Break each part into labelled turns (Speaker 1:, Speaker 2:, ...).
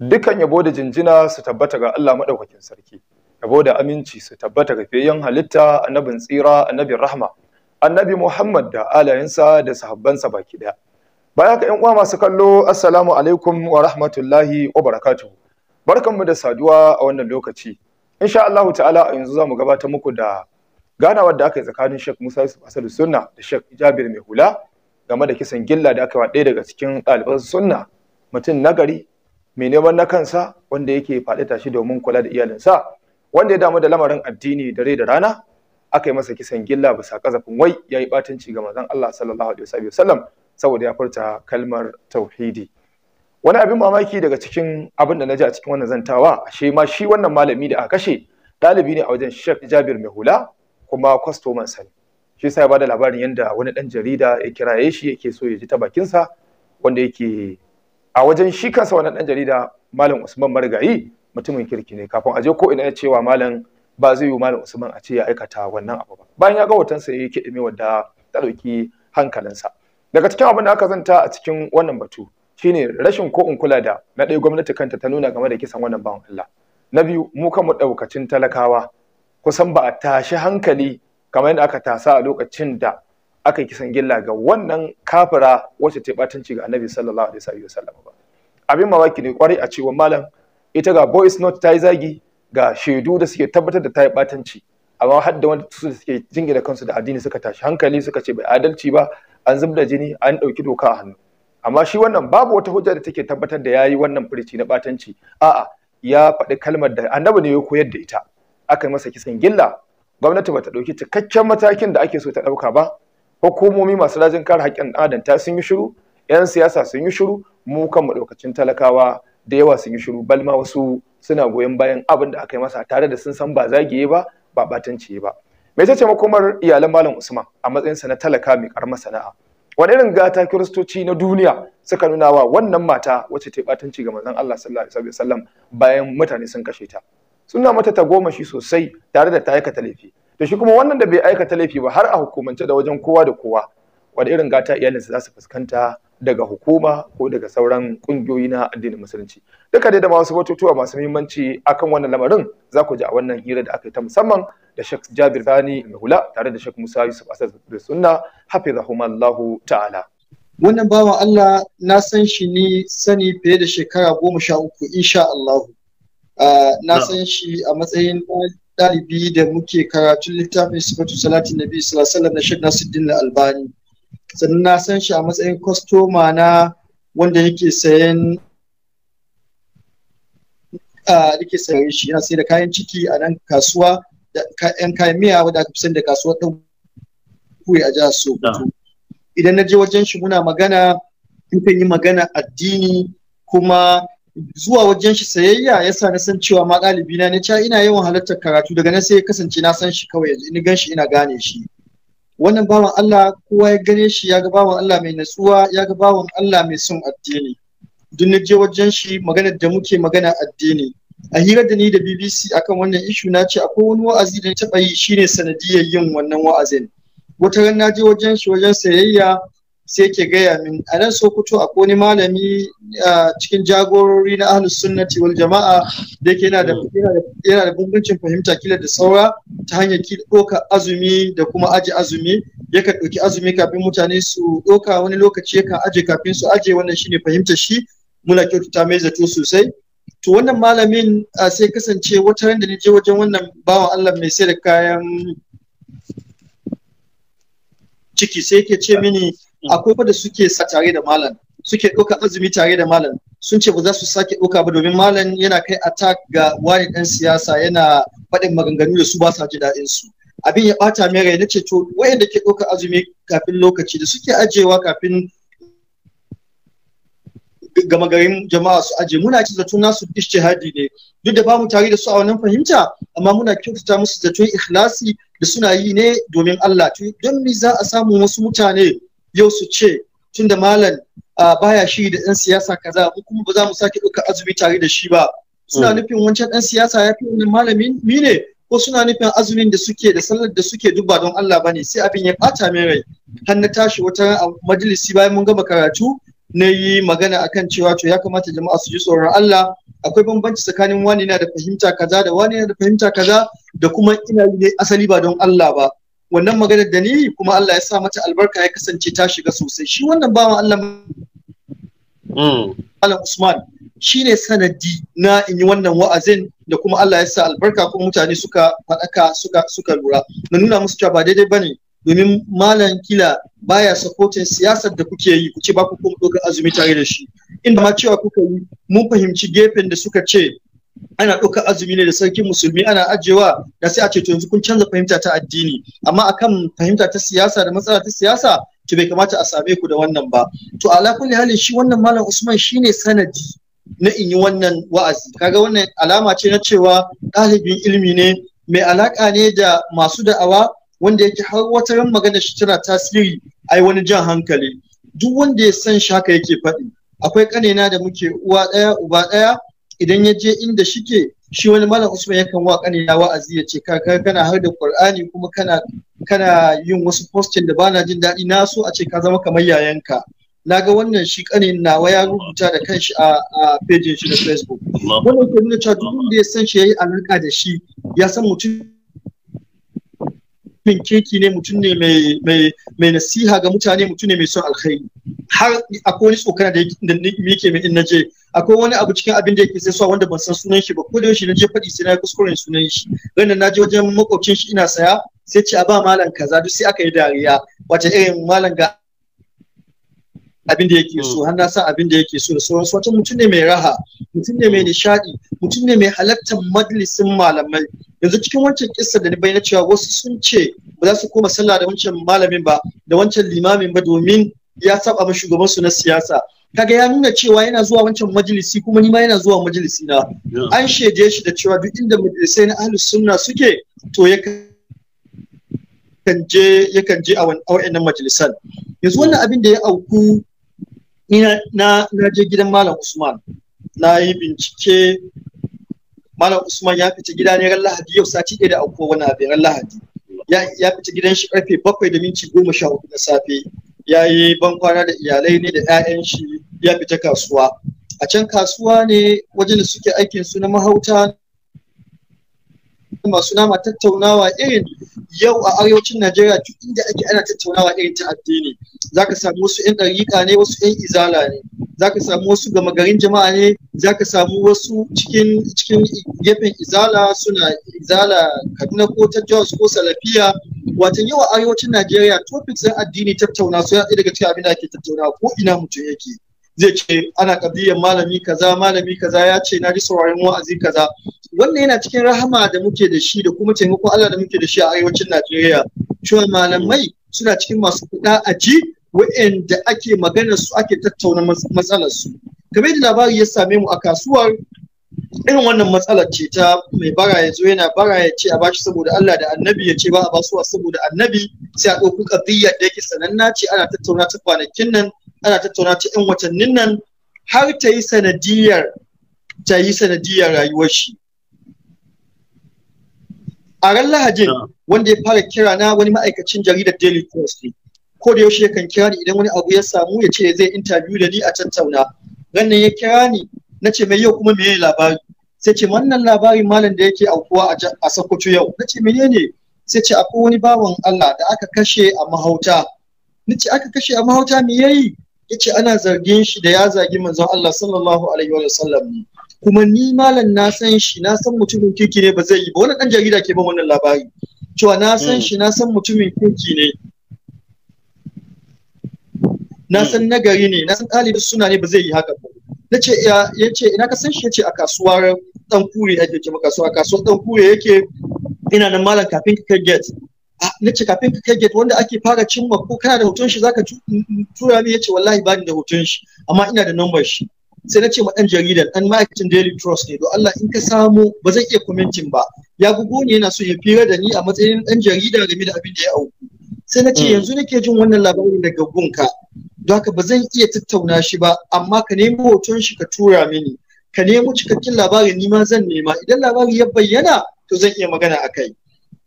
Speaker 1: dukan yabo da jinjina su tabbata ga Allah madaukakin sarki yabo da aminci su tabbata ga fiyayyen halitta annabin tsira annabin rahma annabi Muhammad da alayensa da sahabbansa baki daya baya ka yan uwa masu kallo assalamu alaikum wa rahmatullahi wa barakatuhu barkanmu da saduwa a wannan lokaci insha Allah ta'ala a yanzu zamu gabatar muku da ganawar da aka yi tsakanin Sheikh Musa Yusuf Asadu Sunna da Sheikh Jabir Mai Hula game da kisan gilla da aka yi wa ɗaya daga cikin ɗaliban sunna mutum nagari mai neman na kansa wanda yake faɗi tashi domin kula da iyalinsa wanda ya damu da lamarin addini da rai da rana aka yi masa kisan gilla bisa kazafin wai ya yi ɓatanci ga mazan Allah sallallahu alaihi wasallam saboda ya furta kalmar tauhidi wani abin mamaki daga cikin abin da na ji a cikin wannan zantawa ashe ma shi wannan malami da aka kashe ɗalibi ne a wajen Sheikh Jabir Mai Hula kuma kwastoman sani shi sai ya bada labarin yadda wani ɗan jarida ya kiraye shi yake so ya ji ta bakinsa wanda yake a wajen shi kansa wannan dan jarida malam Usman Marigayi mutumin kirki ne kafin aje ko ina ya cewa malam ba zai yi malam Usman a ce ya aikata wannan abu ba bayan ya ga sa ya yi me wadda ta dauki hankalinsa daga cikin abin da aka zanta a cikin wannan batu shine rashin ko in kula da na ɗaya gwamnati kanta ta nuna game da kisan wannan bawan Allah na biyu mu mu ɗaukacin talakawa kusan ba a tashi hankali kamar yadda aka tasa a lokacin da aka yi kisan gilla ga wannan kafira wacce ta batanci ga annabi sallallahu alaihi wasallam ba abin mawaki ne kwarai a cewa malam ita ga boys not ta yi zagi ga shaidu da suke tabbatar da ta yi batanci amma har da wanda su suke jingina kansu da addini suka tashi hankali suka ce bai adalci ba an da jini an ɗauki doka a hannu amma shi wannan babu wata hujja da take tabbatar da yayi wannan furici na batanci a'a ya faɗi kalmar da annabi ne ya koyar da ita aka yi masa kisan gilla gwamnati bata ɗauki cikakken matakin da ake so ta ɗauka ba hukumomi masu rajin kare haƙƙin ta sun yi shiru yan siyasa sun yi shiru mu kan mu ɗaukacin talakawa da yawa sun yi shiru balma wasu suna goyon bayan abin da aka yi masa tare da sun san ba zagiye ba ba batanci ba me ce makomar iyalan malam usman a matsayin sa na talaka mai karamar sana'a wani irin gata kiristoci na duniya suka nuna wa wannan mata wacce ta batanci ga manzon Allah sallallahu alaihi wasallam bayan mutane sun kashe ta suna mata ta goma shi sosai tare da ta aikata laifi to shi kuma wannan da bai aikata laifi ba har a hukumance da wajen kowa da kowa wani irin gata iyalinsa za su fuskanta daga hukuma ko daga sauran kungiyoyi na addinin musulunci duka dai da wasu batutuwa masu muhimmanci akan wannan lamarin za ku ji a wannan hira da aka yi ta musamman da Sheikh Jabir Sani mahula tare da Sheikh Musa Yusuf Asad da Sunna hafizahumallahu ta'ala
Speaker 2: wannan bawan Allah na san shi ni sani fiye da shekara goma sha uku insha Allah ah, na san shi a matsayin ɗalibi da muke karatun littafin sifatu salatin nabi sallallahu na shek nasiruddin albani sannan na san shi a matsayin kwastoma na wanda yake sayan yake sayan shi yana sai da kayan ciki a nan kasuwa da yan kayan miya wadda aka fi da kasuwar ɗan kuwa a jihar Sokoto. Idan na je wajen shi muna magana, in yi magana addini kuma zuwa wajen shi sayayya ya sa na san cewa ma ɗalibi na ne ina yawan halartar karatu daga nan sai ya kasance na san shi kawai yanzu ni gan shi ina gane shi wannan bawan Allah kowa ya gane shi ya ga bawan Allah mai natsuwa ya ga bawan Allah mai son addini duk na je wajen shi maganar da muke magana addini a hira da ni da BBC akan wannan ishu na ce akwai wani wa'azi da na taɓa yi shine sanadiyar yin wannan wa'azin wata ran na je wajen shi wajen sayayya sai yake gaya min a nan sokoto a koni malami a cikin jagorori na ahlus sunnati wal jama'a da yake yana da yana da bambancin fahimta kila da saura ta hanyar ki doka azumi da kuma aje azumi yakan ɗauki azumi kafin mutane su doka wani lokaci yakan aje kafin su aje wannan shine fahimta shi muna ta mai zato sosai to wannan malamin sai kasance wata da ni je wajen wannan bawan Allah mai sai da kayan ciki sai yake ce mini Mm. akwai wanda suke sa tare da malam suke ɗauka azumi tare da malam sun ce ba za su sake ɗauka ba domin malam yana kai attack ga wani ɗan siyasa yana faɗin maganganu da su ba sa ji daɗin su abin ya ɓata mai rai na ce to wayanda ke ɗauka azumi kafin lokaci da suke ajewa kafin gama garin jama'a su aje muna ci zato nasu hadi ne duk da bamu tare da su a wannan fahimta amma muna kyautata musu zaton ikhlasi da suna yi ne domin Allah to don me za a samu wasu mutane yau su ce tun da malam baya shi da ɗan siyasa kaza mu kuma ba za mu sake ɗaukar azumi tare da shi ba suna hmm. nufin wancan ɗan siyasa ya fi wannan malamin mi ne ko suna nufin azumin da suke da sallar da suke duk don Allah bane sai abin ya bata min rai har na tashi wata majalisi bayan mun gama karatu na yi magana akan cewa to ya kamata jama'a su ji tsoron Allah akwai bambanci tsakanin wani na da fahimta kaza da wani na da fahimta kaza da kuma ina ne asali ba don Allah ba wannan maganar da ni kuma Allah ya sa mata albarka ya kasance ta shiga sosai shi wannan bawa Allah hmm. Malam Usman shi ne sanadi na in yi wannan wa'azin da kuma Allah ya sa albarka kuma mutane suka faɗaka suka suka lura na nuna musu cewa ba daidai bane domin malam kila baya sapotin siyasar da kuke yi kuce ba ku kuma ɗaukar azumi tare da shi inda ma cewa kuka yi mun fahimci gefen da suka ce ana ɗaukar azumi ne da sarkin musulmi ana ajewa da sai a ce to yanzu kun canza fahimta ta addini amma akan fahimta ta siyasa da matsala ta siyasa to bai kamata a same ku da wannan ba to ala kulli hali shi wannan malam Usman shine sanadi na in yi wannan wa'azi kaga wannan alama ce na cewa ɗalibin ilimi ne mai alaka ne da masu da'awa wanda yake har wata ran magana shi tana tasiri ai wani jan hankali duk wanda ya san shi haka yake faɗi akwai kanena da muke uwa ɗaya uba ɗaya idan ya je inda shike shi wani malam usman yakan ne ya wa'azi ya ce kaka kana har da qur'ani kuma kana kana yin wasu postin da bana jin daɗi na so a ce ka zama kamar yayanka ga wannan shi kanin nawa ya rubuta da kanshi a a pejin shi na facebook wannan ke nuna cewa duk wanda ya san shi yayi alaka da shi ya san mutum mutumin kirki ne mutum ne mai nasiha ga mutane mutum ne mai son alkhairi har akwai wani tsokana da yake mai inna je akwai wani abu cikin abin da yake sai suwa wanda ban san sunan shi ba ko da yaushe na je faɗi sai na kuskuren sunan shi ranar na je wajen makwabcin shi ina saya sai ce a ba malam kaza duk sai aka yi dariya wace irin malam ga abin da yake mm. so har na san abin da yake so so wata mutum ne mai raha mutum ne mai nishadi mutum ne mai halartar majalisin malamai yanzu cikin wancan kissa da ni bayyana cewa wasu sun ce ba za su koma sallah da wancan malamin ba da wancan limamin ba domin ya saba ma shugaban su na siyasa kaga ya nuna cewa yana zuwa wancan majalisi kuma ni ma yana zuwa majalisi na an shaide shi da cewa duk inda majalisai na ahlus sunna suke to ya kan je yakan je a wannan majalisan yanzu wannan abin da ya auku ni na na je gidan malam usman na yi bincike malam usman ya fita gida ne ran lahadi yau sati ɗaya da aukuwa wani abin ran lahadi ya fita gidan shi karfe bakwai da minti goma sha hudu na safe ya yi bankwana da iyalai ne da 'ya'yan shi ya fita kasuwa a can kasuwa ne wajen da suke aikin su na mahauta masu masu nama tattaunawa irin yau a arewacin Najeriya duk inda ake ana tattaunawa irin ta addini zaka samu wasu yan dariƙa ne wasu yan izala ne zaka samu wasu gama garin jama'a ne zaka samu wasu cikin cikin gefen izala suna izala Kaduna ko ta Jos ko Salafiya watan yau a arewacin Najeriya topics na addini tattauna su yana daga cikin abin da ake tattaunawa ko ina mutum yake zai ce ana kabiyan malami kaza malami kaza ya ce na ji sauraron wa'azi kaza wannan yana cikin rahama da muke da shi da kuma taimakon Allah da muke da shi a arewacin Najeriya cewa malamai suna cikin masu kuɗa a ji wa'anda ake magana su ake tattauna matsalar su kamar da labari ya same mu a kasuwar irin wannan matsalar ce ta mai bara ya zo yana bara ya ce a bashi saboda Allah da annabi ya ce ba a basuwa saboda annabi sai a ɗauki ƙabiyyar da yake sananna ce ana tattauna ta kwanakin nan ana tattauna ta yan watannin nan har ta yi sanadiyar ta yi sanadiyar rayuwar shi a ran lahajin wanda ya fara kira na wani ma'aikacin jaridar daily post ne ko da yaushe yakan kira ni idan wani abu ya samu ya ce zai interview da ni a tattauna nan ya kira ni na ce mai yau kuma me labari sai ce wannan labarin malam da yake aukuwa a Sokoto yau na ce menene sai ce akwai wani bawan Allah da aka kashe a mahauta na ce aka kashe a mahauta me yayi yace ana zargin shi da ya zagi manzon Allah sallallahu alaihi wa sallam kuma ni malam na san shi na san mutumin kirki ne ba zai yi ba wannan dan jarida ke ban wannan labari cewa na san shi na san mutumin kirki ne na san nagari ne na san ɗalibin suna ne ba zai yi haka ba na ce ya yace ina ka san shi ya ce a kasuwar dan kure ake ce kasuwa kasuwar dan kure yake ina nan malam kafin ka get Ah, na ce kafin ka kai gate wanda ake fara cimma ko kana da hoton shi zaka mm, mm, tura ni yace wallahi bani da hoton shi amma ina da number shi sai na ce ma dan jaridan dan ma'aikacin Daily Trust ne don Allah in ka samu ba zan iya commenting ba ya gugu ne yana so ya fira da ni a matsayin dan jarida game da abin da ya auku sai na ce hmm. yanzu nake jin wannan labarin daga gunka don haka ba zan iya tattauna shi ba amma ka nemi hoton shi ka tura mini ka nemi cikakken labarin ni ma zan nema idan labarin ya bayyana to zan iya magana a kai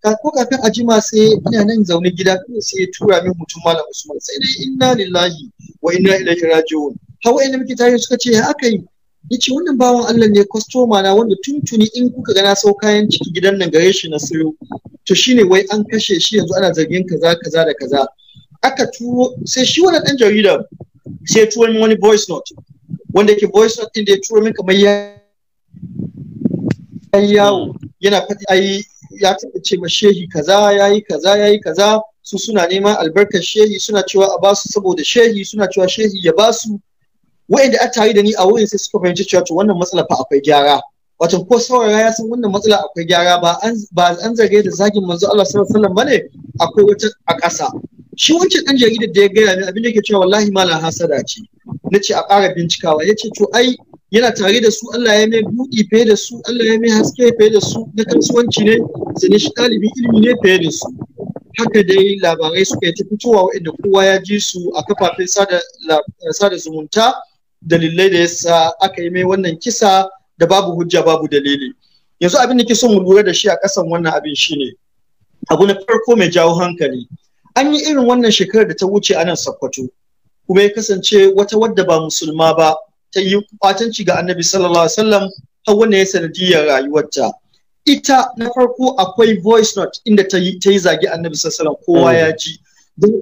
Speaker 2: ko kafin a jima sai ina nan zaune gida kuma sai ya tura min mutum malam Usman sai dai inna lillahi wa inna ilaihi raji'un hawa inda miki tare suka ce ya aka yi yace wannan bawan Allah ne kwastoma na wanda tuntuni in kuka ga na sau kayan ciki gidan nan gare shi na siyo to shine wai an kashe shi yanzu ana zargin kaza kaza da kaza aka turo sai shi wannan dan jarida sai turo min wani voice note wanda ke voice note din da ya tura min kamar ya yawo yana faɗi ai ya taɓa ce ma shehi kaza ya yi kaza ya yi kaza su suna neman albarkar shehi suna cewa a basu saboda shehi suna cewa shehi ya basu wa'inda a tare da ni a wurin sai suka fahimci cewa to wannan matsala fa akwai gyara wato ko saurara ya san wannan matsala akwai gyara ba an ba da zagin manzo Allah sallallahu alaihi wasallam bane akwai wata a ƙasa shi wancan dan jaridar da ya gaya ni abin da yake cewa wallahi malam hasada ce nace a ƙara bincikawa ce to ai yana tare da su Allah ya mai buɗi fiye da su Allah ya mai haske fiye da su na kasuwanci ne sai shi ɗalibin ilimi ne fiye da su haka dai labarai suka yi ta fitowa waɗanda kowa ya ji su a kafafen sada zumunta dalilai da yasa aka yi mai wannan kisa da babu hujja babu dalili yanzu abin da ke son mu lura da shi a ƙasan wannan abin shine abu na farko mai jawo hankali an yi irin wannan shekarar da ta wuce a nan sakkwato kuma ya kasance wata wadda ba musulma ba ta yi kwatanci ga annabi sallallahu alaihi wasallam har wannan ya sanadiyar rayuwarta ita na farko akwai voice note inda ta yi zagi annabi sallallahu alaihi kowa ya ji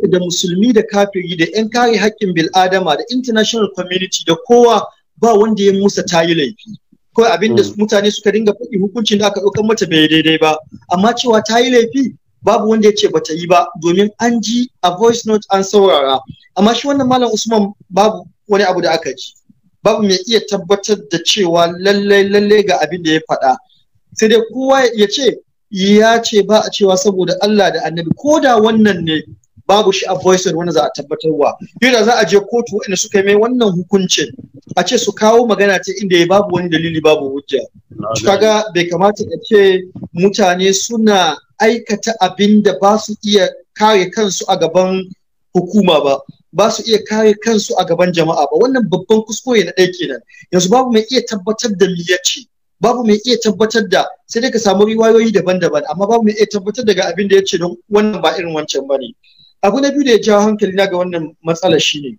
Speaker 2: da musulmi da kafiri da yan kare haƙƙin bil'adama da international community da kowa ba wanda ya musa ta yi laifi Ko abin da hmm. mutane suka dinga faɗi hukuncin da aka ɗaukar mata bai daidai ba amma cewa ta yi laifi babu wanda ya ce ba ta yi ba domin an ji a voice note an saurara amma shi wannan malam usman babu wani abu da aka ji babu mai iya tabbatar da cewa lallai lallai ga abin da ya faɗa sai dai kowa ya ce ya ce ba a cewa saboda Allah da annabi ko da wannan ne babu shi a voice wanda za a tabbatarwa yau za a je kotu waɗanda suka yi mai wannan hukuncin a ce su kawo magana ta inda ya babu wani dalili babu hujja kaga bai kamata a ce mutane suna aikata abin da ba su iya kare kansu a gaban hukuma ba ba su iya kare kansu a gaban jama'a ba wannan babban kuskure na ɗaya kenan yanzu babu mai iya tabbatar da liyacci babu mai iya tabbatar da sai dai ka samu riwayoyi daban-daban amma babu mai iya tabbatar daga abin da ya ce don wannan ba irin wancan ba ne abu na biyu da ya jawo hankali na ga wannan matsalar shine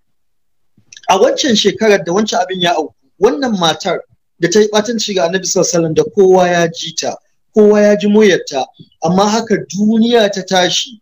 Speaker 2: a wancan shekarar da wancan abin ya auku wannan matar da ta yi batanci ga annabi sallallahu da kowa ya ji ta kowa ya ji muryarta amma haka duniya ta tashi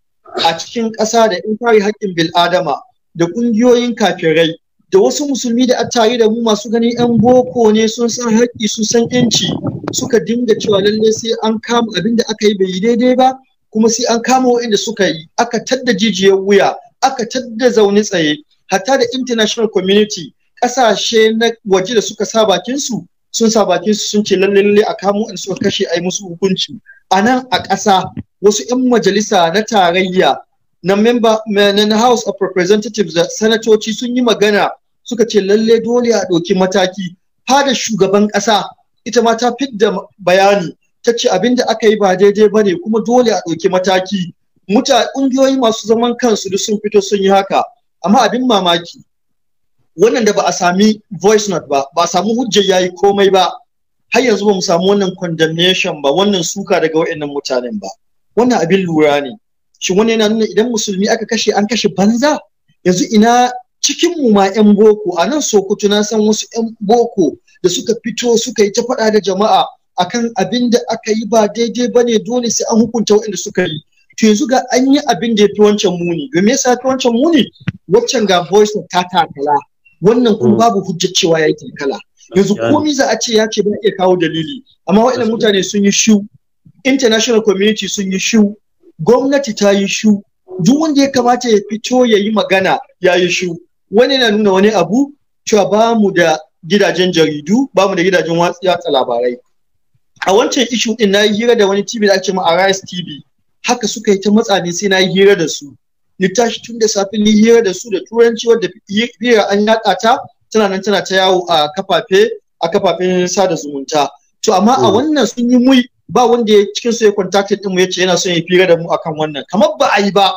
Speaker 2: a cikin ƙasa da in kare haƙƙin bil'adama da ƙungiyoyin kafirai da wasu musulmi da a da mu masu ganin 'yan boko ne sun san haƙƙi sun san 'yanci suka dinga cewa lallai sai an kama abin da aka yi bai yi daidai ba kuma sai an kama waɗanda suka yi aka tadda jijiyar wuya aka tadda zaune tsaye hatta da international community ƙasashe na waje da suka sa bakinsu sun sa su sun ce lallai lallai a kamo waɗanda suka kashe a yi musu hukunci a nan a ƙasa wasu 'yan majalisa na tarayya na member na House of Representatives da sanatoci sun yi magana suka ce lalle dole a ɗauki mataki fada shugaban ƙasa ita ma ta fidda bayani ta ce abin da aka yi ba daidai ba ne kuma dole a ɗauki mataki muta ƙungiyoyi masu zaman kansu duk sun fito sun yi haka amma abin mamaki wannan da ba a sami voice note ba ba a samu hujjar yayi komai ba har yanzu ba mu samu wannan condemnation ba wannan suka daga waɗannan mutanen ba wannan abin lura ne shin wani yana nuna idan musulmi aka kashe an kashe banza yanzu ina cikin mu ma yan boko a nan sokoto na san wasu yan boko da suka fito suka yi ta faɗa da jama'a akan abin da aka yi ba daidai ba ne dole sai an hukunta waɗanda suka yi to yanzu ga an yi abin da ya fi wancan muni domin yasa fi wancan muni waccan ga voice ta takala wannan kuma mm. babu hujjar cewa ya yi takala yanzu komi za a ce ya ce ba iya kawo dalili amma waɗannan mutane sun yi shiu international community sun yi shiu gwamnati ta yi shu duk wanda ya kamata ya fito ya yi magana ya yi shu wani na nuna wani abu cewa ba mu da gidajen jaridu ba mu da gidajen watsa labarai a wancan ishu din na yi hira da wani tv da ake ma Arise tv haka suka yi ta matsa ne sai na yi hira da su ni tashi tun da safe ni hira da su da turanci wadda hira an yaɗa ta tana nan tana ta yawo a kafafe a kafafen sada zumunta to amma a mm. wannan sun yi mu. ba wanda ya cikin su ya contacted din mu yace yana son ya fira da mu akan wannan kamar ba a yi ba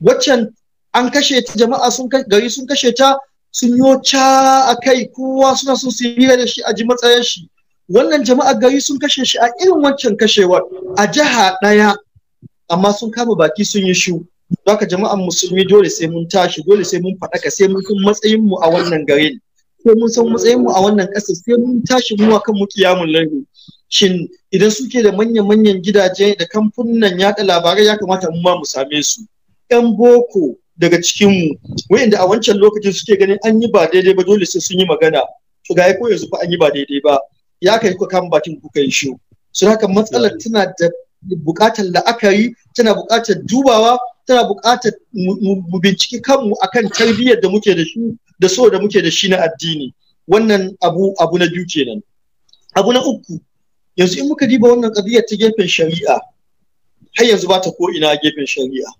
Speaker 2: waccan an kashe ta jama'a sun gari sun kashe ta sun yo ca a kowa suna son su fira da shi a ji matsayin shi wannan jama'a gari sun kashe shi a irin wancan kashewar a jiha daya amma sun kama baki sun yi shu haka jama'an musulmi dole sai mun tashi dole sai mun faɗaka sai mun kun matsayin mu a wannan garin ko mun san matsayin mu a wannan kasa sai mun tashi mu akan mu kiyamun lahi shin idan suke da manya-manyan gidaje da kamfunan yaɗa labarai ya kamata mu ma mu same su yan boko daga cikinmu wayanda a wancan lokacin suke ganin an yi ba daidai ba dole sai sun yi magana to ga ko yanzu fa an yi ba daidai ba ya kai ku kan bakin kuka yi shi su haka matsalar tana da buƙatar la'akari tana buƙatar dubawa tana buƙatar mu binciki kanmu akan tarbiyyar da muke da shi da so da muke da shi na addini wannan abu abu na biyu kenan abu na uku yanzu in muka diba wannan kadiyar ta gefen shari'a har yanzu ba ta ko'ina a gefen shari'a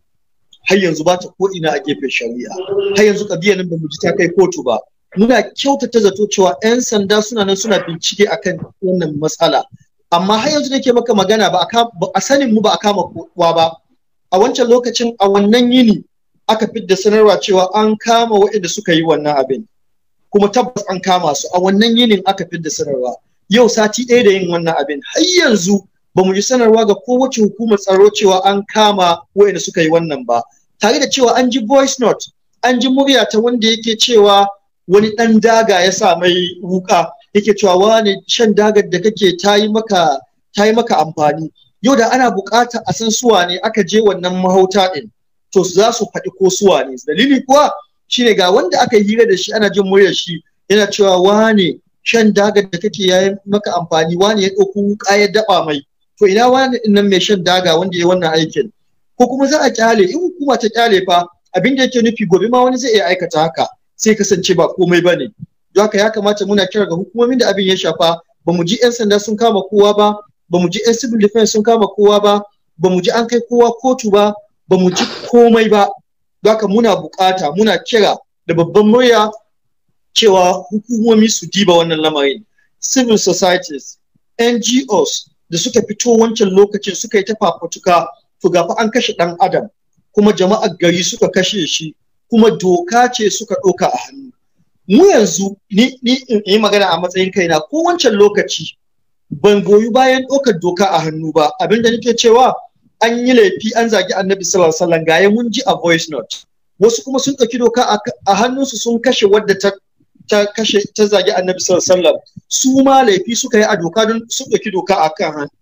Speaker 2: har yanzu ba ta ko'ina a gefen shari'a har yanzu kadiyar nan ba mu ji ta kai kotu ba muna kyautata zato cewa 'yan sanda suna nan suna bincike akan wannan matsala amma har yanzu nake maka magana ba a sanin mu ba a kama kowa ba a wancan lokacin a wannan yini aka fidda sanarwa cewa an kama waɗanda suka yi wannan abin kuma tabbas an kama su a wannan yinin aka fidda sanarwa yau sati ɗaya da yin wannan abin har yanzu ba mu ji sanarwa ga kowace hukumar tsaro cewa an kama wayanda suka yi wannan ba tare da cewa an ji voice note an ji murya ta wanda yake cewa wani ɗan daga ya sa mai wuka yake cewa wani shan dagar da kake ta yi maka ta yi maka amfani yau da ana buƙata a san suwa ne aka je wannan mahauta ɗin to za su faɗi ko suwa ne dalili kuwa shine ga wanda aka yi hira da shi ana jin muryar shi yana cewa wane shan daga da kake ya maka amfani wani ya ɗauko wuka ya daɓa mai to ina wani nan mai shan daga wanda ya wannan aikin ko kuma za a kyale in hukuma ta kyale fa abin da yake nufi gobe ma wani zai iya aikata haka sai kasance ba komai bane don haka ya kamata muna kira ga hukumomin da abin ya shafa ba mu ji 'yan sanda sun kama kowa ba ba mu ji 'yan civil defense sun kama kowa ba ba mu ji an kai kowa kotu ba ba mu ji komai ba don haka muna bukata muna kira da babban murya cewa hukumomi su diba wannan lamarin civil societies ngos da suka fito wancan lokacin suka yi ta fafutuka to gafa an kashe ɗan adam kuma jama'ar gari suka kashe shi kuma doka ce suka ɗauka a hannu mu yanzu ni ni in yi magana a matsayin kaina ko wancan lokaci ban goyi bayan ɗaukar doka a hannu ba abinda nake cewa an yi laifi an zagi annabi sallallahu alaihi wasallam gaya mun ji a voice note wasu kuma sun ɗauki doka a hannunsu sun kashe wadda ta ta kashe ta zagi annabi sallallahu alaihi wasallam su ma laifi suka yi a doka don su ɗauki doka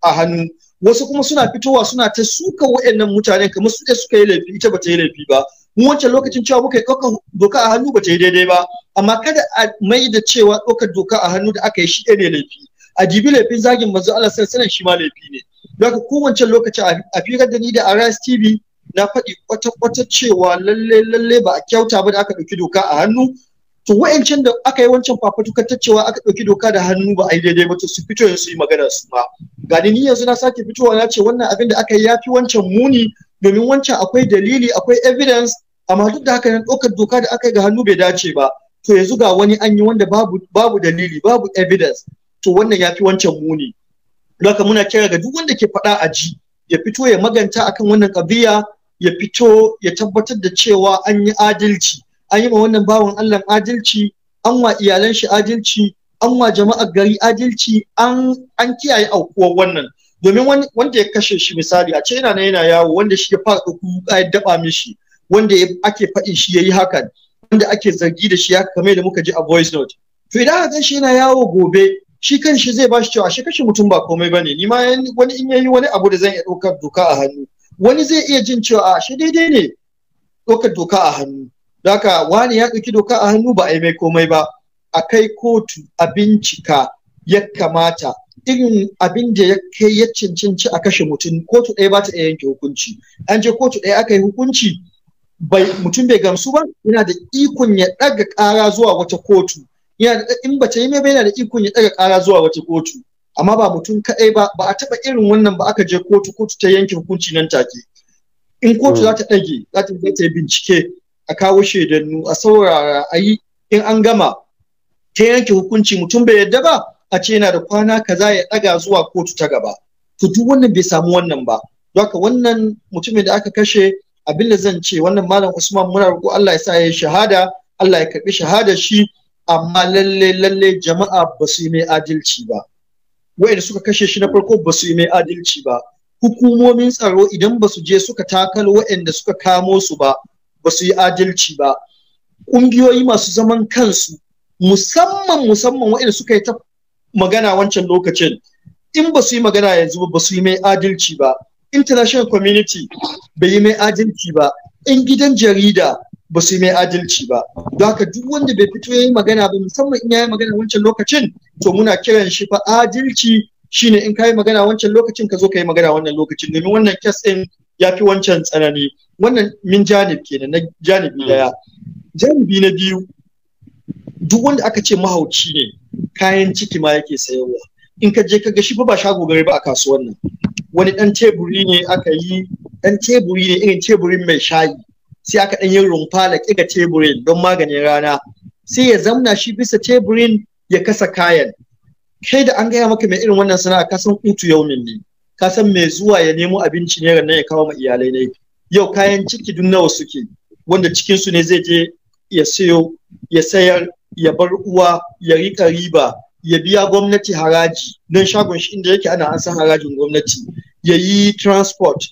Speaker 2: a hannu wasu kuma suna fitowa suna ta suka wa'annan mutanen kamar su suka yi laifi ita ba ta yi laifi ba mu wancan lokacin cewa muka yi ɗaukar doka a hannu ba ta yi daidai ba amma kada a mai da cewa ɗaukar doka a hannu da aka yi shi ne laifi a jibi laifin zagin manzo Allah sallallahu shi ma laifi ne ko kowace lokaci a firar da ni da Aras TV na faɗi kwata-kwata cewa lalle lalle ba a kyauta ba da aka ɗauki doka a hannu to wa'ancan da aka yi wancan fafatukar cewa aka ɗauki doka da hannu ba a yi daidai ba to su fito su yi magana su ma ga ni yanzu na sake fitowa na ce wannan abin da aka yi ya wancan muni domin wancan akwai dalili akwai evidence amma duk da haka nan ɗaukar doka da aka yi ga hannu bai dace ba to yanzu ga wani an yi wanda babu babu dalili babu evidence to wannan ya wancan muni haka muna kira ga duk wanda ke faɗa a ji ya fito ya maganta akan wannan kabiya ya fito ya tabbatar da cewa an yi adalci an yi ma wannan bawan Allah adalci an wa iyalan shi adalci an wa jama'ar gari adalci an an kiyaye aukuwar wannan domin wanda ya kashe shi misali a ce yana na yana yawo wanda shi ya fara ɗauko ya daɓa mishi wanda ake faɗi shi ya yi hakan wanda ake zargi da shi haka kamar da muka ji a voice note to idan aka shi yana yawo gobe shi kan shi zai shi cewa shi kashe mutum ba komai bane ni ma wani in ya yi wani abu da zan iya ɗaukar doka a hannu wani zai iya jin cewa a shi daidai ne ɗaukar doka a hannu Daka wani ya ɗauki doka a hannu ba a yi mai komai ba, a kai kotu a bincika ya kamata irin abin da ya kai ya cancanci a kashe mutum kotu ɗaya ba ta iya yanke hukunci. An je kotu ɗaya aka yi hukunci bai mutum bai gamsu ba yana da ikon ya ɗaga ƙara zuwa wata kotu. Yana da in ba ta yi mai yana da ikon ya ɗaga ƙara zuwa wata kotu. Amma ba mutum kaɗai ba ba a taɓa irin wannan ba aka je kotu kotu ta yanke hukunci nan take. In kotu hmm. za ta ɗage za ta yi bincike a kawo shaidannu a saurara a yi in an gama ta yanke hukunci mutum bai yadda ba a ce yana da kwana kaza ya ɗaga zuwa kotu ta gaba to duk wannan bai samu wannan ba haka wannan mutumin da aka kashe abin da zan ce wannan malam Usman muna roƙo Allah ya sa ya shahada Allah ya karbi shahada shi amma lalle lalle jama'a ba su yi mai adalci ba wa'anda suka kashe shi na farko ba su yi mai adalci ba hukumomin tsaro idan ba su je suka takalo wa'anda suka kamo su ba ba su yi adalci ba ƙungiyoyi masu zaman kansu musamman musamman waɗanda suka yi ta magana wancan lokacin in ba su yi magana yanzu ba su yi mai adalci ba international community bai yi mai adalci ba in gidan jarida ba su yi mai adalci ba don haka duk wanda bai fito ya yi magana ba musamman in ya yi magana wancan lokacin to muna kiran shi fa adalci shine in ka yi magana wancan lokacin ka zo ka yi magana wannan lokacin domin wannan kes ɗin ya fi wancan tsanani wannan min janib kenan na janibi hmm. daya janibi na biyu duk wanda aka ce mahauci ne kayan ciki ma yake sayarwa in ka je ka ga shi ba shago gobe ba a kasuwan nan wani dan teburi ne aka yi dan teburi ne irin teburin mai shayi sai aka dan yi rumfa da kiga teburin don maganin rana sai ya zamna shi bisa teburin ya kasa kayan kai da an gaya maka mai irin wannan sana'a kasan utu yaumin ne ka san mai zuwa ya nemo abinci ne ranar ya kawo ma iyalai ne yau kayan ciki duk nawa suke wanda cikin su ne zai je ya sayo ya sayar ya bar uwa ya rika riba ya biya gwamnati haraji don shagon shi inda yake ana an san harajin gwamnati ya yi transport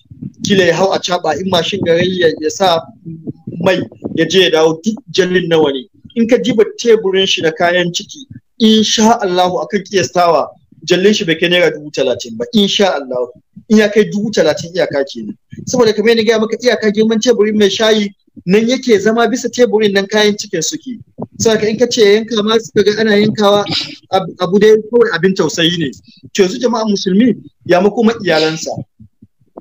Speaker 2: kila ya hau a caba in mashin gare ya sa mai ya je ya dawo duk jallin nawa ne in ka jiba teburin shi na kayan ciki in sha Allahu akan kiyastawa jalle shi bai kai naira dubu talatin ba insha Allah in ya kai dubu talatin iyaka kenan saboda kamar yadda gaya maka iyaka girman teburin mai shayi nan yake zama bisa teburin nan kayan cikin suke saboda in ka ce yanka ma suka ga ana yankawa abu dai kawai abin tausayi ne to su jama'a musulmi ya kuma iyalansa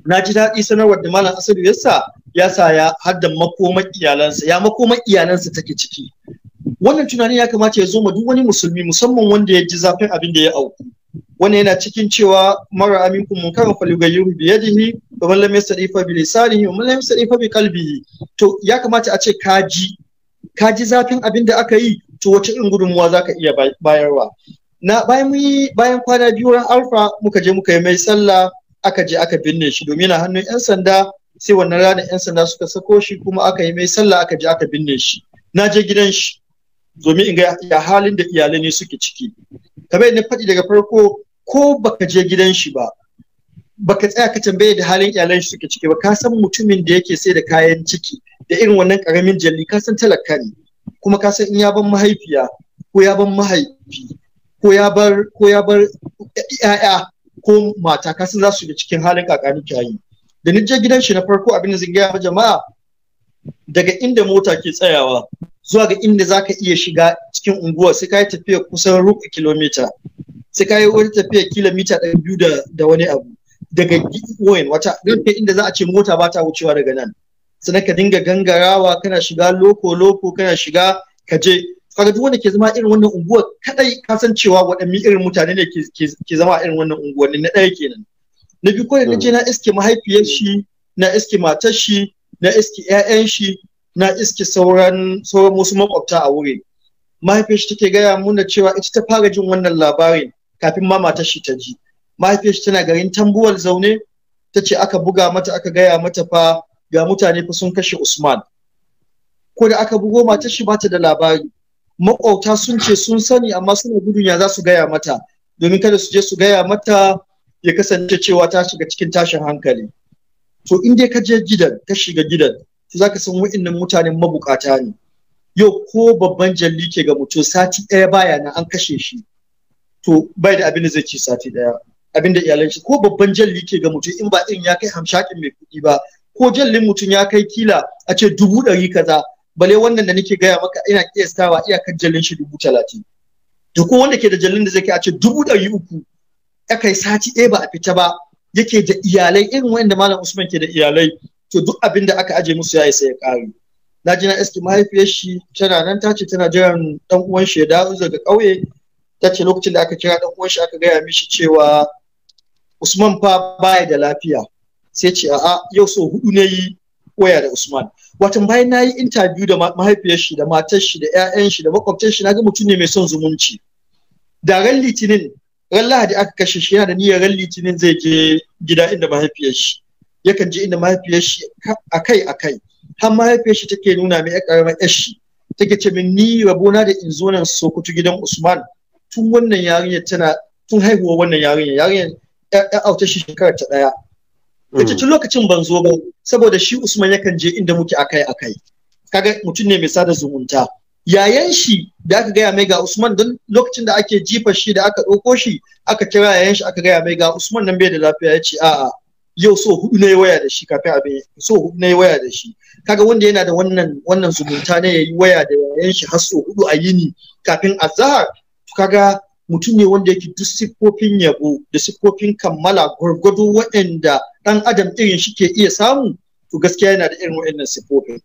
Speaker 2: na ji daɗi sanarwar da malam asadu ya sa ya sa ya hadda makoma iyalansa ya makoma iyalansa take ciki wannan tunanin ya kamata ya zo ma duk wani musulmi musamman wanda ya ji zafin abin da ya auku wani yana cikin cewa mara aminku mun aminkum ga falyughayyirhu bi yadihi wa man lam yastati fa bi lisanihi wa man lam yastati bi qalbihi to ya kamata a ce ka ji zafin abin da aka yi to wace irin gudunmuwa za ka iya bayarwa na bayan mun yi bayan kwana biyu ran alfa muka je muka yi mai sallah aka je aka binne shi domin yana hannun yan sanda sai wannan ranar yan sanda suka sako shi kuma aka yi mai sallah aka je aka binne shi na je gidan shi domin in ga ya halin da iyalai ne suke ciki kamar ne faɗi daga farko ko baka je gidan shi ba baka tsaya ka tambaye da halin iyalan shi suke ciki ba ka san mutumin da yake sai da kayan ciki da irin wannan karamin jalli ka san talaka ne kuma ka san in ya bar mahaifiya ko ya bar mahaifi ko ya bar ko ya bar iyaya ko mata ka san za su ga cikin halin kakani kayi da ni je gidan shi na farko abin da zan gaya jama'a daga inda mota ke tsayawa zuwa ga inda za ka iya shiga cikin unguwa sai ka yi tafiya kusan rubu kilomita sai ka yi wani tafiya kilomita ɗari biyu da wani abu daga wayan wata ganka inda za a ce mota ba ta wucewa daga nan sannan ka dinga gangarawa kana shiga loko loko kana shiga kaje kaga duk wanda ke zama irin wannan unguwa kadai ka san cewa waɗanne irin mutane ne ke zama irin wannan unguwa na ɗaya kenan na biyu ko da na je na iske mahaifiyar shi na iske matar shi na iske 'ya'yan shi na iske sauran sauran wasu makwabta a wuri. mahaifiyar shi take gaya muna cewa ita ta fara jin wannan labarin kafin ma matar shi ta ji mahaifiyar shi tana garin tambuwal zaune ta ce aka buga mata aka gaya mata fa ga mutane fa sun kashe Usman ko da aka bugo mata shi bata da labari makwabta sun ce sun sani amma suna gudun ya za su gaya mata domin kada su je su gaya mata ya kasance cewa ta shiga cikin tashin hankali to in dai ka je gidan ka shiga gidan to zaka san wa'annan mutanen mabukata ne yau ko babban jalli ke ga mutum sati ɗaya baya na an kashe shi to bai da abin da zai ci sati ɗaya abin da iyalan shi ko babban jalli ke ga mutum in ba in ya kai hamshakin mai kuɗi ba ko jallin mutum ya kai kila a ce dubu ɗari kaza bale wannan da nake gaya maka ina kiyastawa iyakar jallin shi dubu talatin to ko wanda ke da jallin da zai kai a ce dubu ɗari uku ya kai sati ɗaya ba a fita ba yake da iyalai irin wanda malam usman ke da iyalai to duk abin da aka aje musu yayi sai ya kare na ji na eski mahaifiyar shi tana nan ta ce tana jiran dan uwan shi ya dawo daga ƙauye ta ce lokacin da aka kira dan uwan shi aka gaya mishi cewa Usman fa baya da lafiya sai ce a'a yau so hudu ne yi waya da Usman watan bayan na yi interview da mahaifiyar shi da matar shi da ƴaƴan shi da makwabtan shi naga mutum ne mai son zumunci da ran litinin ran lahadi aka kashe shi yana da niyyar ran litinin zai je gida inda mahaifiyar shi yakan je inda mahaifiyar shi akai akai har mahaifiyar shi take nuna mai karamar yar shi take ce min ni rabona da in zo nan Sokoto gidan Usman tun wannan yarinya tana tun haihuwa wannan yarinya. Yarinya ya auta shi shekara ta daya kace hmm. tun lokacin ban zo ba saboda shi Usman yakan je inda muke akai akai kaga mutum ne mai sada zumunta yayan shi da aka gaya mai ga Usman don lokacin da ake jifa shi da aka ɗauko shi aka kira yayan shi aka gaya mai ga Usman nan bai da lafiya ya ce a'a yau so hudu na yi waya da shi kafin abin so hudu na yi waya da shi kaga wanda yana da wannan wannan zumunta ne yayi waya da yayan shi har so hudu a yini kafin azhar kaga mutum ne wanda yake duk siffofin yabo da siffofin kammala gurgudu waɗanda ɗan adam irin shi ke iya samu to gaskiya yana da irin waɗannan siffofin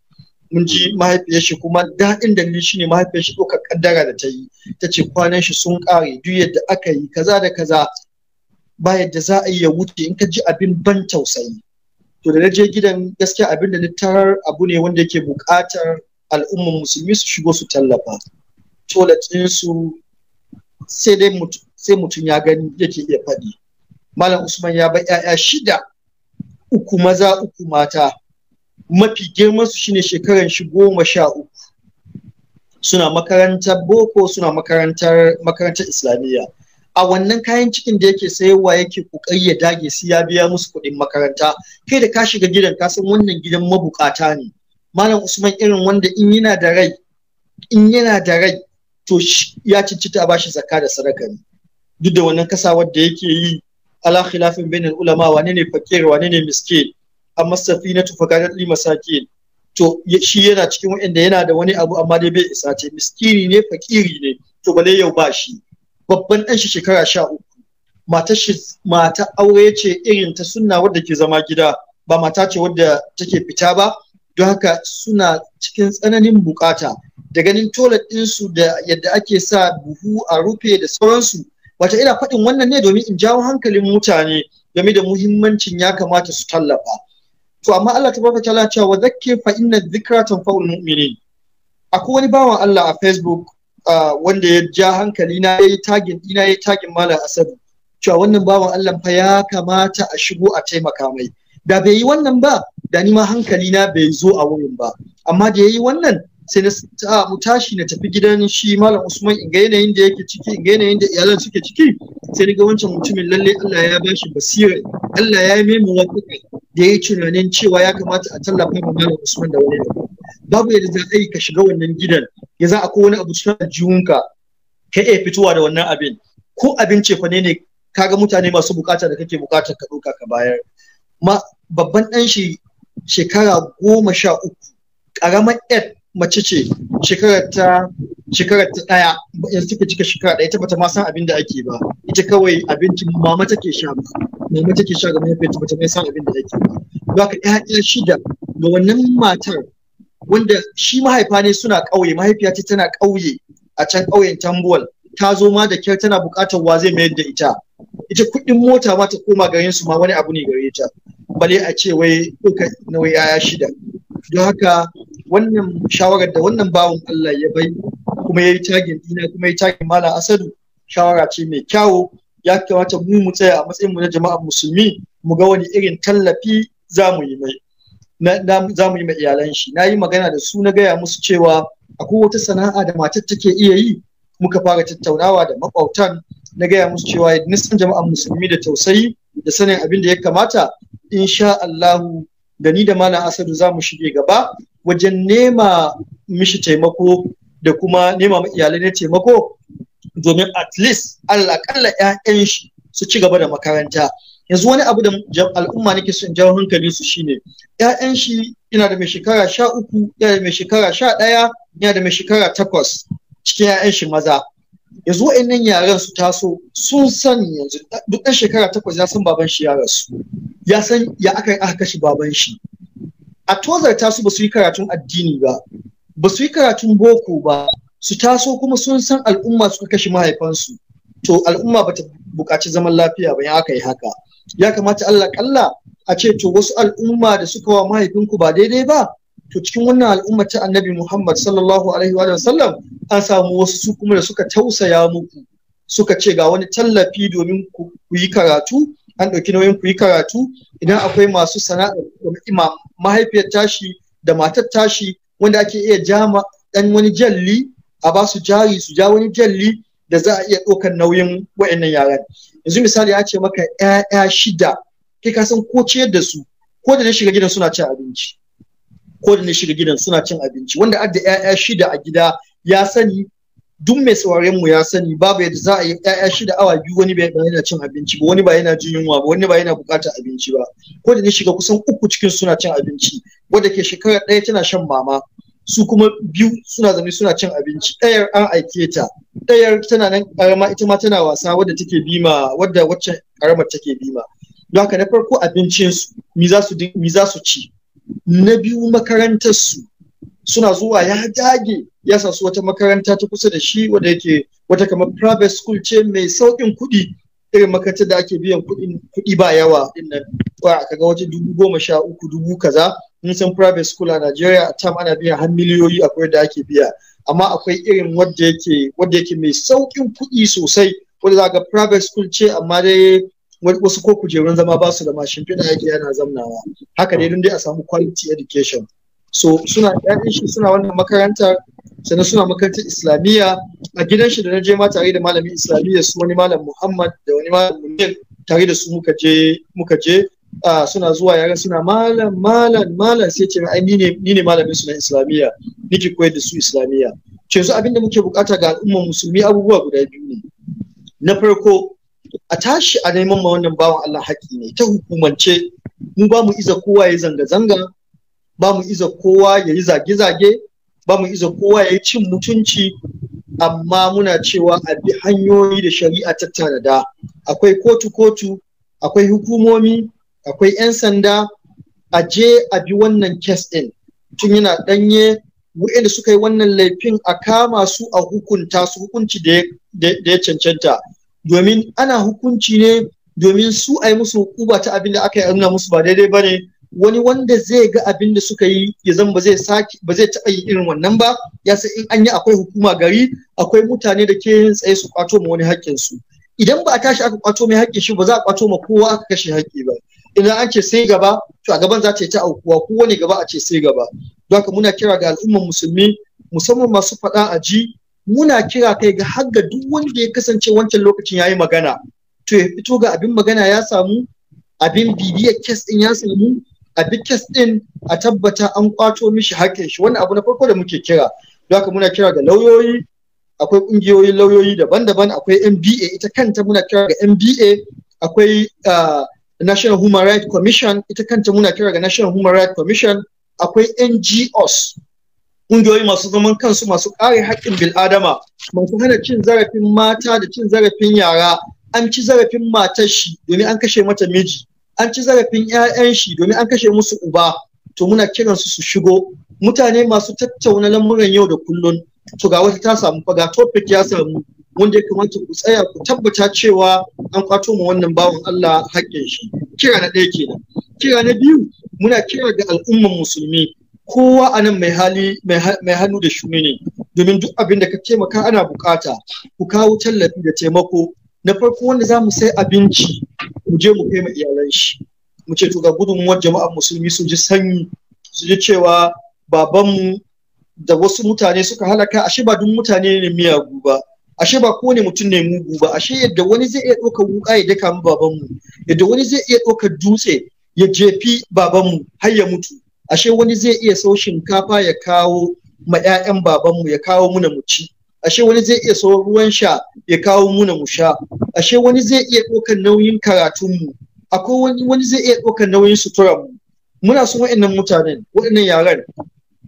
Speaker 2: mun ji mahaifiyar shi kuma daɗin dalili shine mahaifiyar shi ɗaukar kaddara da ta yi ta ce kwanan shi sun ƙare duk yadda aka yi kaza da kaza ba yadda za a yi ya wuce in ka ji abin ban tausayi to da na je gidan gaskiya abin da na tarar abu ne wanda yake buƙatar al'ummar musulmi su shigo su tallafa su sai dai sai mutum ya gani yake iya faɗi malam usman ya bar 'ya'ya shida uku maza uku mata mafi girman su shine shekaran shi goma sha uku suna makarantar boko suna makarantar makarantar islamiyya a wannan kayan cikin da yake sayarwa yake kokari ya dage su ya biya musu kuɗin makaranta kai da ka shiga gidan ka san wannan gidan mabukata ne malam usman irin wanda in yana da rai in yana da rai to ya cincita ba shi zakka da sadaka ne duk da wannan kasawar da yake yi ala khilafin bainal ulama wane ne fakir wane ne miskin amma tufa fakadat li masakin to shi yana cikin wanda yana da wani abu amma dai bai isa ce miskini ne fakiri ne to bale yau ba shi babban ɗan shi shekara sha uku mata mata aure ce irin ta sunna wadda ke zama gida ba mata ce wadda take fita ba don haka suna cikin tsananin bukata da ganin tolet ɗinsu da yadda ake sa buhu a rufe da sauransu wata ina faɗin wannan ne domin in jawo hankalin mutane game da muhimmancin ya kamata su tallafa to amma Allah ta baka tala wa zakke fa inna dhikra tanfa'ul mu'minin akwai wani bawan Allah a Facebook wanda ya ja hankali na yayi tagin dina yi tagin malam asadu cewa wannan bawan Allah fa ya kamata a shigo a taimaka mai da bai yi wannan ba da ni ma hankali na bai zo a wurin ba amma da ya yi wannan sai na mu tashi na tafi gidan shi malam Usman in ga yanayin da yake ciki in ga yanayin da iyalan suke ciki sai ni ga wancan mutumin lalle Allah ya bashi basira Allah ya yi mai muwafiƙa da ya yi tunanin cewa ya kamata a tallafa ma malam Usman da wani wani babu yadda za a yi ka shiga wannan gidan ya za a ko wani abu suna jiwunka ka iya fitowa da wannan abin ko abin ce ne ne kaga mutane masu bukata da kake bukatar ka ɗauka ka bayar ma babban ɗan shi shekara goma sha uku ƙaramar yar mace ce shekarar ta shekarar ta ɗaya yanzu take cika shekara ɗaya ita bata ma san abin da ake ba ita kawai abinci mama take sha ba mama take sha ga mahaifiyarta bata ma san abin da ake ba ba ka ƴaƴa shida ga wannan matar wanda shi mahaifa ne suna ƙauye mahaifiya ce tana ƙauye a can ƙauyen tambuwal ta zo ma da kyar tana buƙatar wa zai mayar da ita ita kuɗin mota ma ta koma garin su ma wani abu ne gare ta bale a ce wai duka nawa yaya shida don haka wannan shawarar da wannan bawan Allah ya bai kuma ya tagin dina kuma ya tagin malam asadu shawara ce mai kyawo ya kamata mu mu tsaya a matsayin mu na jama'ar musulmi mu ga wani irin tallafi za mu yi mai za mu yi ma iyalan shi na yi magana da su na gaya musu cewa akwai wata sana'a da matar take iya yi muka fara tattaunawa da makwautan na gaya musu cewa nisan jama'an musulmi da tausayi da sanin abin da ya kamata insha Allahu da ni da malam Asadu za mu shige gaba wajen nema mishi taimako da kuma nema ma iyalai na taimako domin at least alal ƴaƴan 'ya'yan shi su ci gaba da makaranta yanzu wani abu da al'umma nake son jawo hankalin su shine ƴaƴan shi yana da mai shekara sha uku yana da mai shekara sha ɗaya yana da mai shekara takwas cikin ƴaƴan shi maza yanzu wa'innan yaran su taso sun san yanzu duk ɗan shekara takwas ya san baban shi ya rasu ya san ya aka aka kashe baban shi a tozarta su ba su yi karatun addini ba ba su yi karatun boko ba su taso kuma sun san al'umma suka kashe mahaifansu to al'umma ba ta buƙaci zaman lafiya ba ya aka yi haka ya kamata Allah kalla a ce to wasu al'umma da suka wa mahaifinku ba daidai ba to cikin wannan al'umma ta annabi Muhammad sallallahu alaihi wa sallam an samu wasu su kuma da suka tausaya muku suka ce ga wani tallafi domin ku yi karatu an ɗauki nauyin ku yi karatu idan akwai masu sana'a da mahaifiyar tashi da matar tashi wanda ake iya jama dan wani jalli a ba su jari su ja wani jalli da za a iya ɗaukar nauyin wa'annan yaran yanzu misali ya ce maka ƴaƴa shida kai ka san ko ciyar da su ko da na shiga gidan suna cin abinci ko da na shiga gidan suna cin abinci wanda adda ƴaƴa shida a gida ya sani duk mai sauraren mu ya sani babu yadda za a yi ƴaƴa shida awa biyu wani ba yana cin abinci ba wani ba yana jin yunwa ba wani ba yana buƙatar abinci ba ko da na shiga kusan uku cikin suna cin abinci wanda ke shekara ɗaya tana shan mama su kuma biyu suna zaune suna cin abinci ɗayar an aike ta ɗayar tana nan karama ita ma tana wasa wadda take bima wadda wacce karamar take bima don haka na farko abincin su, mi za su ci na biyu makarantar su suna zuwa ya dage ya sa su wata makaranta ta kusa da shi wadda yake wata kamar private school ce mai sauƙin kuɗi irin makarantar da ake biyan kuɗi ba yawa ɗin nan ba ga wata dubu goma sha uku dubu kaza san private school a Najeriya a tam ana biya har miliyoyi akwai da ake biya amma akwai irin wadda yake wadda yake mai saukin kuɗi sosai wadda za ga private school ce amma dai wasu ko kujerun zama ba su da mashin fiɗa yake yana zamnawa haka dai dai a samu quality education so suna ƴaƴan shi suna wannan makarantar sannan suna makarantar islamiyya a gidan shi da na je ma tare da malamin islamiyya su wani malam muhammad da wani malam munir tare da su muka je a ah, suna zuwa yara suna malam malam malam sai ce ai ni ne malamin su na islamiyya niki koyar da su islamiyya ce su abinda muke bukata ga al'umma musulmi abubuwa guda biyu ne na farko a tashi a neman ma wannan bawan Allah haƙi ne ta hukumance mu ba mu iza kowa ya zanga zanga ba mu iza kowa ya yi zage zage ba mu iza kowa ya yi cin mutunci amma muna cewa a bi hanyoyi da shari'a ta tanada akwai kotu kotu akwai hukumomi akwai 'yan sanda a je a bi wannan kes ɗin tun yana ɗanye wa'inda suka yi wannan laifin a kama su a hukunta su hukunci da ya cancanta domin ana hukunci ne domin su a yi musu hukuma ta abin da aka yi nuna musu ba daidai ba ne wani wanda zai ga abin da suka yi ya zan ba zai taɓa yin irin wannan ba ya san in an yi akwai hukuma gari akwai mutane da ke yin tsaye su kwato ma wani haƙƙinsu. idan ba a tashi aka kwato mai haƙƙin shi ba za a kwato ma kowa aka kashe haƙƙi ba idan an ce sai gaba to a gaban za ta yi ta aukuwa wani gaba a ce sai gaba don muna kira ga al'ummar musulmi musamman masu faɗa a ji muna kira kai ga har ga duk wanda ya kasance wancan lokacin ya yi magana to ya fito ga abin magana ya samu abin bibiyar kes ɗin ya samu a duk kes ɗin a tabbata an kwato mishi haƙƙin shi wannan abu na farko da muke kira don muna kira ga lauyoyi akwai ƙungiyoyin lauyoyi daban-daban akwai MBA ita kanta muna kira ga MBA akwai ah, National Human Rights Commission ita kanta muna kira ga National Human Rights Commission akwai NGOs ƙungiyoyi masu zaman kansu masu kare haƙƙin bil'adama masu hana cin zarafin mata da cin zarafin yara an ci zarafin matar shi domin an kashe mata miji an ci zarafin 'ya'yan shi domin an kashe musu uba to muna kiran su su shigo mutane masu tattauna lamuran yau da kullun to ga wata ta samu fa ga topic ya samu wanda ya kamata ku tsaya ku tabbata cewa an kwato mu wannan bawan Allah haƙƙin shi kira na ɗaya kenan kira na biyu muna kira ga al'umman musulmi kowa a nan mai hali mai hannu da shuni ne domin duk abin da ka taimaka ana bukata ku kawo tallafi da taimako na farko wanda za mu sai abinci mu je mu kai ma iyalan shi mu ce to ga gudunmuwar jama'ar musulmi su ji sanyi su ji cewa babanmu da wasu mutane suka halaka ashe ba duk mutane ne miyagu ba ashe ba ko ne mutum ne mugu ba ashe yadda wani zai iya ɗaukar wuka ya daka mu babanmu yadda wani zai iya ɗaukar dutse ya jefi babanmu har ya mutu ashe wani zai iya sau shinkafa ya kawo ma baban babanmu ya kawo muna mu ci ashe wani zai iya sau ruwan sha ya kawo muna mu sha ashe wani zai iya ɗaukar nauyin karatunmu akwai wani wani zai iya ɗaukar nauyin mu muna son wa'annan mutanen waɗannan yaran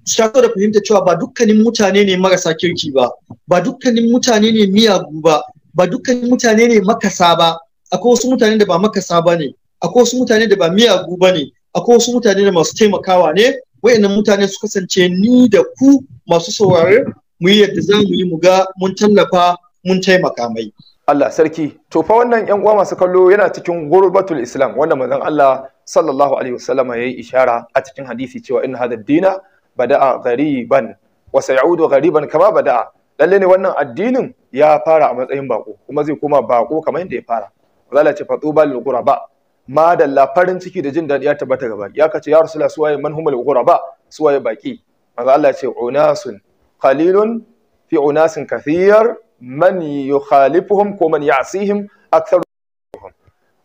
Speaker 2: shato da fahimta cewa ba dukkanin mutane ne marasa kirki ba ba dukkanin mutane ne miyagu ba ba dukkanin mutane ne makasa ba akwai wasu mutane da ba makasa ba ne akwai wasu mutane da ba miyagu ba ne akwai wasu mutane da masu taimakawa ne wayannan mutane su kasance ni da ku masu saurare mu yi yadda za mu yi mu ga mun tallafa mun taimaka mai Allah sarki to fa wannan yan uwa masu
Speaker 1: kallo yana cikin gurbatul islam wanda manzon Allah sallallahu alaihi ya yayi ishara a cikin hadisi cewa inna hadha dina bada'a ghariban wa sayaudu ghariban kama bada'a lalle ne wannan addinin ya fara a matsayin bako kuma zai koma bako kamar yadda ya fara zalla ce fatuba lil ghuraba ma dalla farin ciki da jin dadi ya tabbata ga baki ya kace ya rasulullah suwaye man humul ghuraba suwaye baki manzo Allah ya ce unasun qalilun fi unasin kathiyar man yukhalifuhum ko man ya'sihim aktharu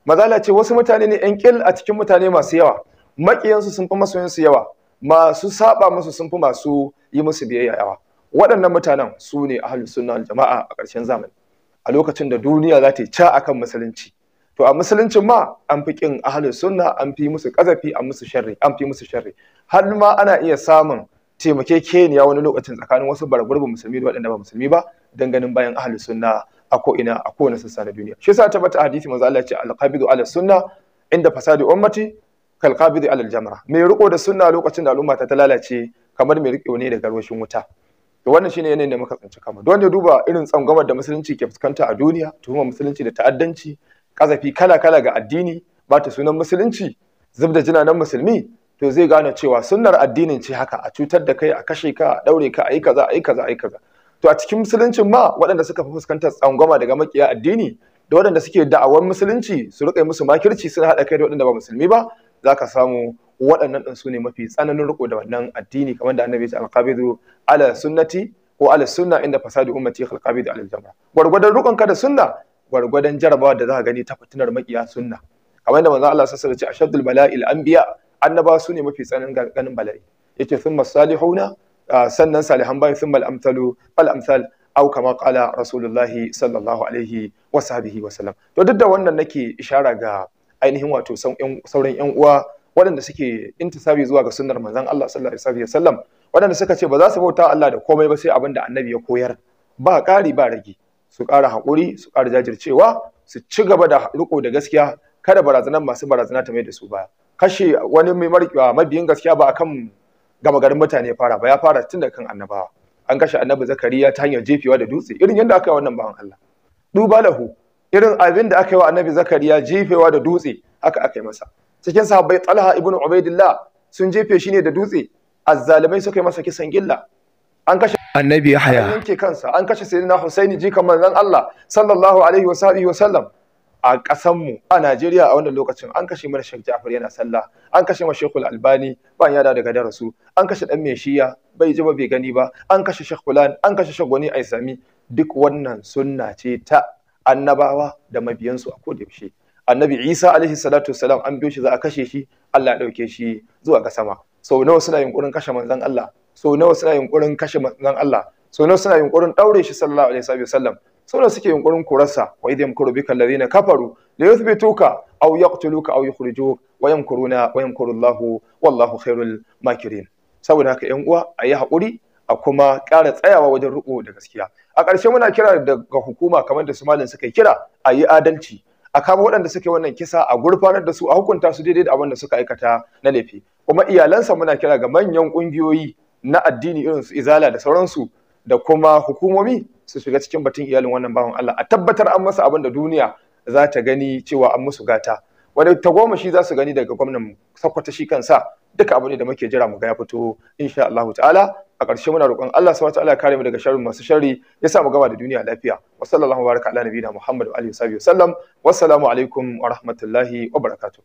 Speaker 1: mazala ce wasu mutane ne 'yan kil a cikin mutane masu yawa maƙiyansu sun fi masoyansu yawa masu saba musu sun fi masu yi musu biyayya yawa waɗannan mutanen su ne ahlus sunna jama'a a ƙarshen zamani a lokacin da duniya za ta yi ca akan musulunci to a musuluncin ma an fi kin ahlus sunna an fi musu ƙazafi an musu sharri an fi musu sharri har ma ana iya samun taimakekeniya wani lokacin tsakanin wasu bargurbin musulmi da waɗanda ba musulmi ba dan ganin bayan ahlus sunna a ko ina a kowane sassa na duniya shi yasa tabbata hadisi manzo Allah ya ce al-qabidu ala sunna inda fasadi ummati kalqabidi alal jamra mai riko da sunna lokacin da al'umma ta lalace kamar mai riko ne da garwashin wuta to wannan shine yanayin da muka tsinci kama don ya duba irin tsangwamar da musulunci ke fuskanta a duniya tuhuma musulunci da ta'addanci kazafi kala-kala ga addini ba ta sunan musulunci zub da jinanan musulmi to zai gane cewa sunnar addinin ce haka a cutar da kai a kashe ka a daure ka a yi kaza a yi kaza a yi kaza to a cikin musuluncin ma waɗanda suka fi fuskantar tsangwama daga makiya addini da waɗanda suke da'awar musulunci su riƙa musu makirci suna haɗa kai da waɗanda ba musulmi ba Za ka samu waɗannan ɗin su ne mafi tsananin riko da wannan addini kamar da annabi ya ce alqabidu ala sunnati ko ala sunna inda fasadu ummati alqabidu ala jama'a gwargwadon rukun ka da sunna gwargwadon jarabawa da za ka gani ta fitinar makiya sunna kamar da manzo Allah sallallahu alaihi wasallam ya ce ashaddul bala'il anbiya annaba su ne mafi tsananin ganin bala'i yace thumma salihuna ah, sannan salihan bayi thumma al-amsalu fal amsal au kama qala rasulullahi sallallahu alaihi wa wa sallam to duk da wannan nake ishara ga ainihin wato sauran yan uwa waɗanda suke intisabi zuwa ga sunnar manzon Allah sallallahu alaihi wasallam waɗanda suka ce ba za su bauta Allah da komai ba sai abin da annabi ya koyar ba ƙari ba rage su ƙara haƙuri su ƙara jajircewa su ci gaba da riko da gaskiya kada barazanar masu barazana ta mai da su baya kashe wani mai markewa mabiyin gaskiya ba akan gama garin mutane fara ba ya fara tun da kan annabawa an kashe annabi zakariya ta hanyar jefewa da dutse irin yadda aka yi wannan bawan Allah duba lahu irin abin da aka yi wa annabi zakariya jefewa da dutse haka aka yi masa cikin sahabbai talha ibn ubaidillah sun jefe shi ne da dutse azzalimai suka yi masa kisan gilla an kashe annabi yahya an yanke kansa an kashe sayyidina husaini jikan manzon Allah sallallahu alaihi wa sallam a kasan mu a Najeriya a wannan lokacin an kashe mana Sheikh Ja'far yana sallah an kashe mana Sheikhul Albani ban yada daga darasu an kashe dan shiya, bai ji ba bai gani ba an kashe Sheikh Fulan an kashe shagwani Aisami duk wannan sunna ce ta annabawa da mabiyansu a koda yaushe annabi isa alaihi salatu wasalam an biyo shi za a kashe shi allah ya ɗauke shi zuwa ga sama sau nawa suna yunkurin kashe manzon allah sau nawa suna yunkurin kashe manzon allah sau nawa suna yunkurin ɗaure shi sallallahu alaihi wasallam sau nawa suke yunkurin kurarsa wa idh yamkuru bika alladhina kafaru la yuthbituka aw yaqtuluka aw yukhrijuk wa yamkuruna wa yamkuru allah wallahu khairul makirin saboda haka yan uwa ayi haƙuri a kuma ƙara tsayawa wajen riƙo da gaskiya a ƙarshe muna kira daga hukuma kamar da su malin suka kira a yi adalci a kama waɗanda suke wannan kisa a gurfanar da su a hukunta su daidai da abin da suka aikata na laifi kuma iyalansa muna kira ga manyan ƙungiyoyi na addini irin su izala da sauransu da kuma hukumomi su shiga cikin batun iyalin wannan bawan Allah a tabbatar an masa abin da duniya za ta gani cewa an musu gata wanda tagomashi za su gani daga gwamnan sakwata shi kansa duka abu ne da muke jira mu ga ya fito insha Allah ta'ala a ƙarshe muna roƙon Allah subhanahu wataala ya kare mu daga sharri masu sharri ya sa mu gaba da duniya lafiya wa sallallahu baraka ala nabiyina Muhammad wa alihi wa sallam wassalamu alaikum wa rahmatullahi wa barakatuh